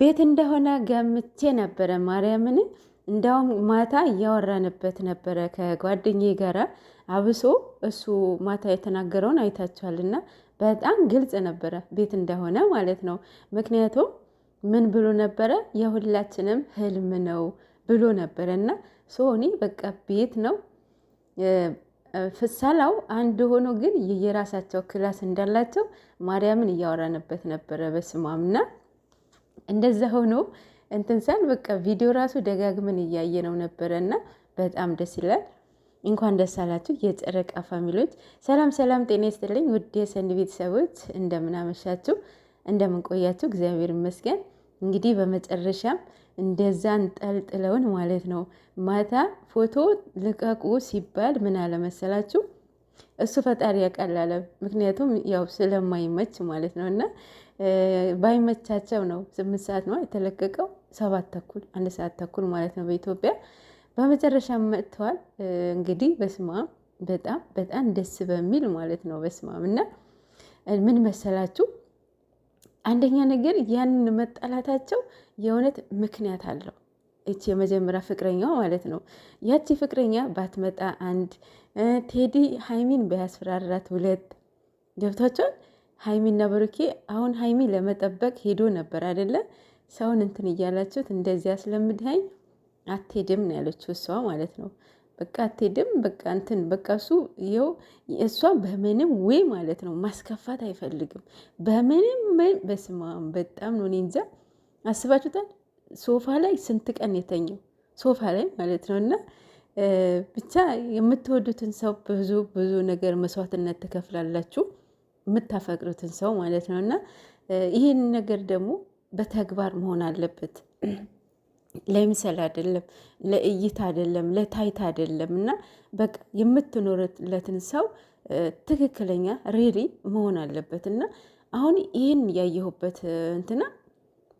ቤት እንደሆነ ገምቼ ነበረ ማርያምን። እንዳውም ማታ እያወራንበት ነበረ ከጓደኛዬ ጋራ አብሶ እሱ ማታ የተናገረውን አይታችኋልና በጣም ግልጽ ነበረ ቤት እንደሆነ ማለት ነው። ምክንያቱም ምን ብሎ ነበረ የሁላችንም ህልም ነው ብሎ ነበረ እና ሶኒ በቃ ቤት ነው ፍሳላው አንድ ሆኖ ግን የየራሳቸው ክላስ እንዳላቸው ማርያምን እያወራንበት ነበረ በስማምና እንደዛ ሆኖ እንትንሳን በቃ ቪዲዮ ራሱ ደጋግመን እያየ ነው ነበረ እና በጣም ደስ ይላል። እንኳን ደስ አላችሁ የጨረቃ ፋሚሊዎች። ሰላም ሰላም፣ ጤና ይስጥልኝ ውድ የሰኒ ቤተሰቦች እንደምናመሻችሁ፣ እንደምንቆያችሁ እግዚአብሔር ይመስገን። እንግዲህ በመጨረሻም እንደዛ ጠልጥለውን ማለት ነው። ማታ ፎቶ ልቀቁ ሲባል ምን አለመሰላችሁ እሱ ፈጣሪ ያቀላለ፣ ምክንያቱም ያው ስለማይመች ማለት ነው እና ባይመቻቸው ነው። ስምንት ሰዓት ነው የተለቀቀው፣ ሰባት ተኩል አንድ ሰዓት ተኩል ማለት ነው በኢትዮጵያ። በመጨረሻ መጥተዋል እንግዲህ በስማም በጣም በጣም ደስ በሚል ማለት ነው በስማም እና ምን መሰላችሁ አንደኛ ነገር ያንን መጣላታቸው የእውነት ምክንያት አለው። ይቺ የመጀመሪያ ፍቅረኛው ማለት ነው። ያቺ ፍቅረኛ ባትመጣ አንድ ቴዲ ሀይሚን ቢያስፈራራት ሁለት ገብቷቸዋል። ሀይሚና ብሩኬ አሁን ሀይሚ ለመጠበቅ ሄዶ ነበር አይደለ? ሰውን እንትን እያላችሁት እንደዚያ አስለምድሀኝ አትሄድም ነው ያለችው፣ እሷ ማለት ነው። በቃ አትሄድም፣ በቃ እንትን በቃ እሱ ይኸው፣ እሷ በምንም ወይ ማለት ነው ማስከፋት አይፈልግም። በምንም በስማም በጣም ነው እንጃ። አስባችሁታል? ሶፋ ላይ ስንት ቀን የተኘው ሶፋ ላይ ማለት ነው እና ብቻ የምትወዱትን ሰው ብዙ ብዙ ነገር መስዋዕትነት ትከፍላላችሁ። የምታፈቅሩትን ሰው ማለት ነው። እና ይህን ነገር ደግሞ በተግባር መሆን አለበት። ለምሳሌ አይደለም፣ ለእይታ አይደለም፣ ለታይት አይደለም። እና በቃ የምትኖርለትን ሰው ትክክለኛ ሬሪ መሆን አለበት። እና አሁን ይህን ያየሁበት እንትና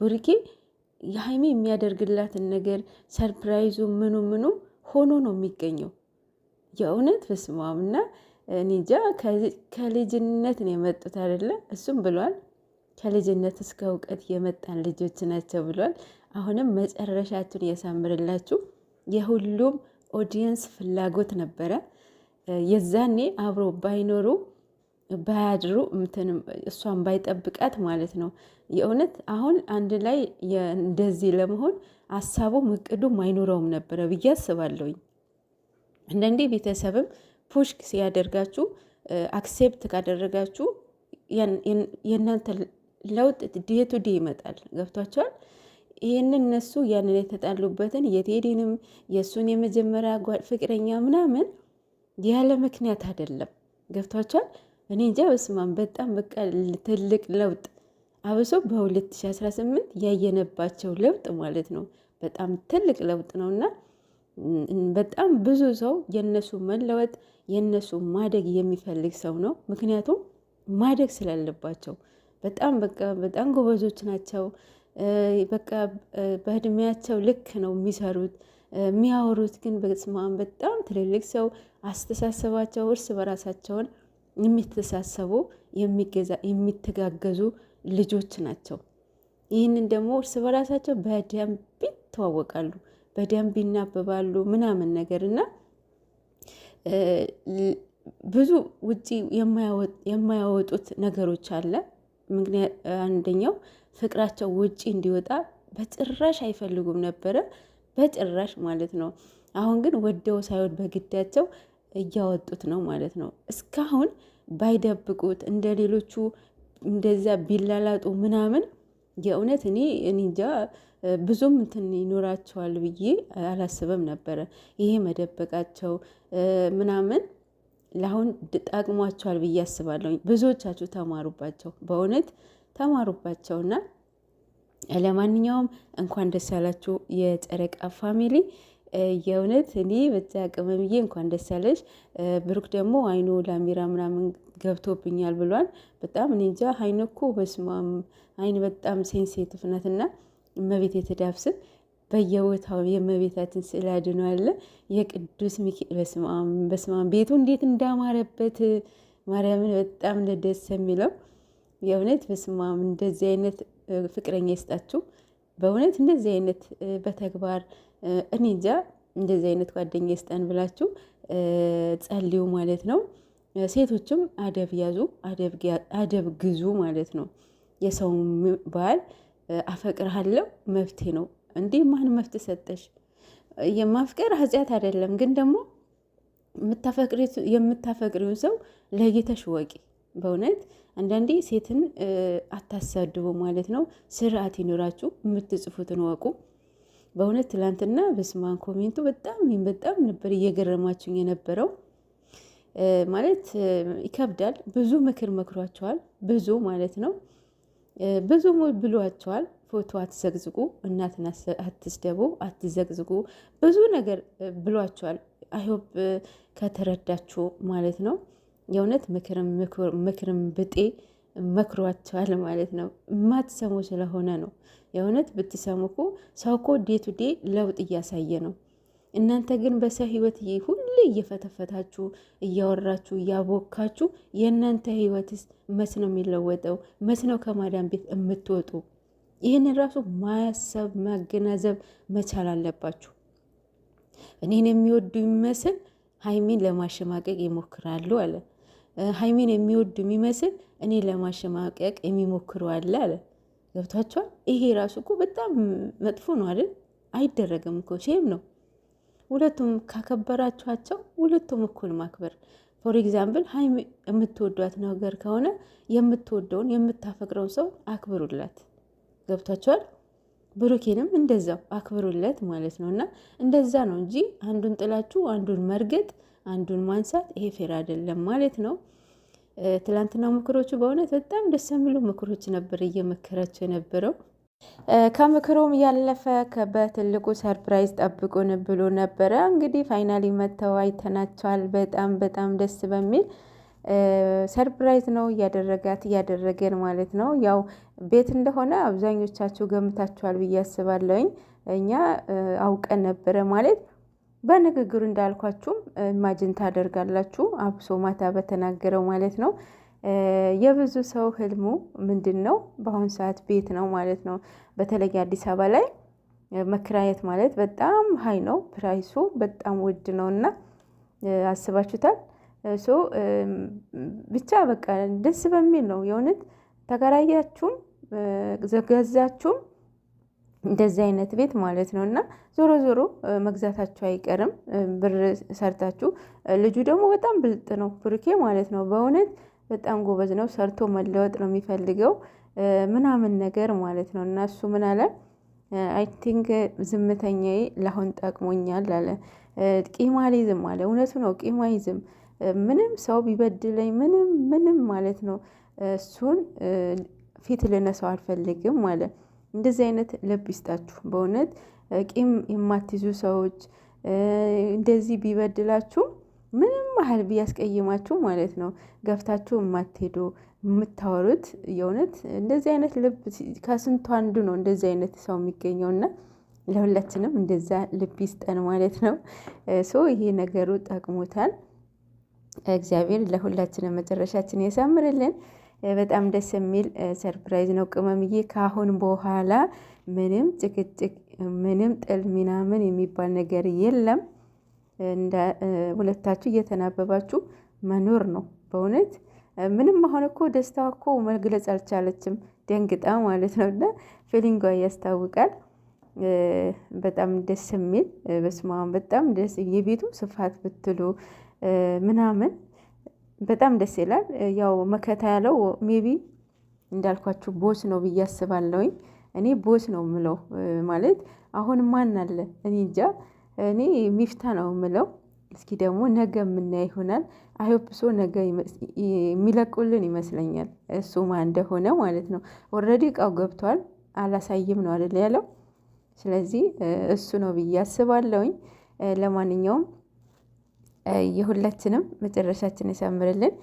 ቡሪኬ የሀይሜ የሚያደርግላትን ነገር ሰርፕራይዙ ምኑ ምኑ ሆኖ ነው የሚገኘው። የእውነት በስመ አብ እና ኒጃ ከልጅነት ነው የመጡት አይደለ? እሱም ብሏል። ከልጅነት እስከ እውቀት የመጣን ልጆች ናቸው ብሏል። አሁንም መጨረሻችሁን ያሳምርላችሁ። የሁሉም ኦዲየንስ ፍላጎት ነበረ። የዛኔ አብሮ ባይኖሩ ባያድሩ እሷን ባይጠብቃት ማለት ነው። የእውነት አሁን አንድ ላይ እንደዚህ ለመሆን ሀሳቡም እቅዱም አይኖረውም ነበረ ብዬ አስባለሁኝ። አንዳንዴ ቤተሰብም ፑሽ ሲያደርጋችሁ አክሴፕት ካደረጋችሁ የእናንተ ለውጥ ዴቱ ዴ ይመጣል። ገብቷቸዋል። ይህንን እነሱ ያንን የተጣሉበትን የቴዲንም የእሱን የመጀመሪያ ፍቅረኛ ምናምን ያለ ምክንያት አይደለም። ገብቷቸዋል። እኔ እንጃ በስማም በጣም በቃ ትልቅ ለውጥ አብሶ በ2018 ያየነባቸው ለውጥ ማለት ነው። በጣም ትልቅ ለውጥ ነው እና በጣም ብዙ ሰው የነሱ መለወጥ የነሱ ማደግ የሚፈልግ ሰው ነው። ምክንያቱም ማደግ ስላለባቸው በጣም በቃ በጣም ጎበዞች ናቸው። በቃ በእድሜያቸው ልክ ነው የሚሰሩት የሚያወሩት ግን በስማም በጣም ትልልቅ ሰው አስተሳሰባቸው እርስ በራሳቸውን የሚተሳሰቡ የሚተጋገዙ ልጆች ናቸው። ይህንን ደግሞ እርስ በራሳቸው በደንብ ይተዋወቃሉ። በደንብ ይናበባሉ ምናምን ነገር እና ብዙ ውጪ የማያወጡት ነገሮች አለ። ምክንያት አንደኛው ፍቅራቸው ውጪ እንዲወጣ በጭራሽ አይፈልጉም ነበረ፣ በጭራሽ ማለት ነው። አሁን ግን ወደው ሳይሆን በግዳቸው እያወጡት ነው ማለት ነው። እስካሁን ባይደብቁት እንደ ሌሎቹ እንደዚያ ቢላላጡ ምናምን የእውነት እኔ እንጃ ብዙም እንትን ይኖራቸዋል ብዬ አላስበም ነበረ። ይሄ መደበቃቸው ምናምን ለአሁን ጠቅሟቸዋል ብዬ አስባለሁ። ብዙዎቻችሁ ተማሩባቸው፣ በእውነት ተማሩባቸውና ለማንኛውም እንኳን ደስ ያላችሁ የጨረቃ ፋሚሊ። የእውነት እኔ በዛ ቅመምዬ እንኳን ደስ ያለሽ። ብሩክ ደግሞ አይኑ ላሚራ ምናምን ገብቶብኛል ብሏል። በጣም እንጃ ሀይን እኮ በስማም አይን በጣም ሴንሴቲቭ ናት እና እመቤት የተዳፍስን በየቦታው የእመቤታችን ስዕል አድኖ አለ የቅዱስ ሚካኤል በስማም ቤቱ እንዴት እንዳማረበት ማርያምን በጣም ደስ የሚለው የእውነት በስማም እንደዚህ አይነት ፍቅረኛ ይስጣችሁ። በእውነት እንደዚህ አይነት በተግባር እኔ እንጃ እንደዚህ አይነት ጓደኛ ይስጠን ብላችሁ ጸልዩ ማለት ነው። ሴቶችም አደብ ያዙ፣ አደብ ግዙ ማለት ነው። የሰው ባል አፈቅርሃለው መፍትሄ ነው። እንዲህ ማን መፍት ሰጠሽ? የማፍቀር ኃጢአት አይደለም፣ ግን ደግሞ የምታፈቅሪውን ሰው ለይተሽ ወቂ። በእውነት አንዳንዴ ሴትን አታሳድቡ ማለት ነው። ስርዓት ይኖራችሁ፣ የምትጽፉትን ወቁ። በእውነት ትላንትና በስማን ኮሜንቱ በጣም በጣም ነበር እየገረማችሁኝ የነበረው ማለት ይከብዳል። ብዙ ምክር መክሯቸዋል። ብዙ ማለት ነው ብዙ ብሏቸዋል። ፎቶ አትዘግዝቁ፣ እናትን አትስደቡ፣ አትዘግዝቁ ብዙ ነገር ብሏቸዋል። አይሆብ ከተረዳችሁ ማለት ነው። የእውነት ምክርም ብጤ መክሯቸዋል ማለት ነው። የማትሰሙ ስለሆነ ነው። የእውነት ብትሰሙ እኮ ሰው እኮ ዴቱ ዴ ለውጥ እያሳየ ነው። እናንተ ግን በሰው ህይወት ሁሌ እየፈተፈታችሁ እያወራችሁ እያቦካችሁ የእናንተ ህይወትስ መስ ነው የሚለወጠው? መስ ነው ከማዳን ቤት የምትወጡ? ይህንን ራሱ ማሰብ ማገናዘብ መቻል አለባችሁ። እኔን የሚወዱ የሚመስል ሀይሚን ለማሸማቀቅ ይሞክራሉ አለ። ሀይሚን የሚወዱ የሚመስል እኔን ለማሸማቀቅ የሚሞክሩ አለ አለ። ገብቷቸዋል። ይሄ ራሱ እኮ በጣም መጥፎ ነው አይደል? አይደረግም እኮ ሼም ነው። ሁለቱም ካከበራችኋቸው ሁለቱም እኩል ማክበር ፎር ኤግዛምፕል ሀይሚ የምትወዷት ነገር ከሆነ የምትወደውን የምታፈቅረውን ሰው አክብሩላት። ገብቷቸዋል። ብሩኬንም እንደዛው አክብሩለት ማለት ነው። እና እንደዛ ነው እንጂ አንዱን ጥላችሁ አንዱን መርገጥ፣ አንዱን ማንሳት ይሄ ፌር አይደለም ማለት ነው። ትላንትና ምክሮቹ በእውነት በጣም ደስ የሚሉ ምክሮች ነበር እየመከራቸው የነበረው። ከምክሩም ያለፈ በትልቁ ሰርፕራይዝ ጠብቁን ብሎ ነበረ። እንግዲህ ፋይናሊ መጥተው አይተናቸዋል። በጣም በጣም ደስ በሚል ሰርፕራይዝ ነው እያደረጋት እያደረገን ማለት ነው። ያው ቤት እንደሆነ አብዛኞቻችሁ ገምታችኋል ብዬ አስባለሁኝ። እኛ አውቀን ነበረ ማለት በንግግሩ እንዳልኳችሁም ኢማጅን ታደርጋላችሁ። አብሶ ማታ በተናገረው ማለት ነው የብዙ ሰው ህልሙ ምንድን ነው? በአሁኑ ሰዓት ቤት ነው ማለት ነው። በተለይ አዲስ አበባ ላይ መከራየት ማለት በጣም ሀይ ነው፣ ፕራይሱ በጣም ውድ ነው እና አስባችሁታል። ሶ ብቻ በቃ ደስ በሚል ነው የእውነት ተከራያችሁም ገዛችሁም እንደዚህ አይነት ቤት ማለት ነው እና ዞሮ ዞሮ መግዛታችሁ አይቀርም ብር ሰርታችሁ። ልጁ ደግሞ በጣም ብልጥ ነው ብሩኬ ማለት ነው በእውነት በጣም ጎበዝ ነው፣ ሰርቶ መለወጥ ነው የሚፈልገው ምናምን ነገር ማለት ነው። እና እሱ ምን አለ አይ ቲንክ ዝምተኛዬ ለአሁን ጠቅሞኛል አለ። ቂማሊዝም አለ። እውነቱ ነው፣ ቂማሊዝም ምንም ሰው ቢበድለኝ ምንም ምንም ማለት ነው እሱን ፊት ልነሰው አልፈልግም አለ። እንደዚህ አይነት ልብ ይስጣችሁ በእውነት ቂም የማትይዙ ሰዎች እንደዚህ ቢበድላችሁ ምንም ያህል ቢያስቀይማችሁ ማለት ነው ገፍታችሁ የማትሄዱ የምታወሩት የእውነት እንደዚህ አይነት ልብ ከስንቱ አንዱ ነው እንደዚህ አይነት ሰው የሚገኘው እና ለሁላችንም እንደዛ ልብ ይስጠን ማለት ነው። ሶ ይሄ ነገሩ ጠቅሞታል። እግዚአብሔር ለሁላችንም መጨረሻችን ያሳምርልን። በጣም ደስ የሚል ሰርፕራይዝ ነው ቅመምዬ። ከአሁን በኋላ ምንም ጭቅጭቅ፣ ምንም ጥል ምናምን የሚባል ነገር የለም። እንደ ሁለታችሁ እየተናበባችሁ መኖር ነው። በእውነት ምንም አሁን እኮ ደስታዋ እኮ መግለጽ አልቻለችም፣ ደንግጣ ማለት ነው። እና ፊሊንጓ ያስታውቃል። በጣም ደስ የሚል በስማም፣ በጣም ደስ የቤቱ ስፋት ብትሉ ምናምን በጣም ደስ ይላል። ያው መከታ ያለው ሜቢ እንዳልኳችሁ ቦስ ነው ብዬ አስባለሁኝ። እኔ ቦስ ነው ምለው ማለት አሁን ማን አለ እኔ እንጃ እኔ ሚፍታ ነው የምለው። እስኪ ደግሞ ነገ የምናይ ይሆናል። ሶ ነገ የሚለቁልን ይመስለኛል። እሱ ማ እንደሆነ ማለት ነው። ኦልሬዲ እቃው ገብቷል። አላሳይም ነው አይደል ያለው። ስለዚህ እሱ ነው ብዬ አስባለሁኝ። ለማንኛውም የሁላችንም መጨረሻችን ያሳምርልን።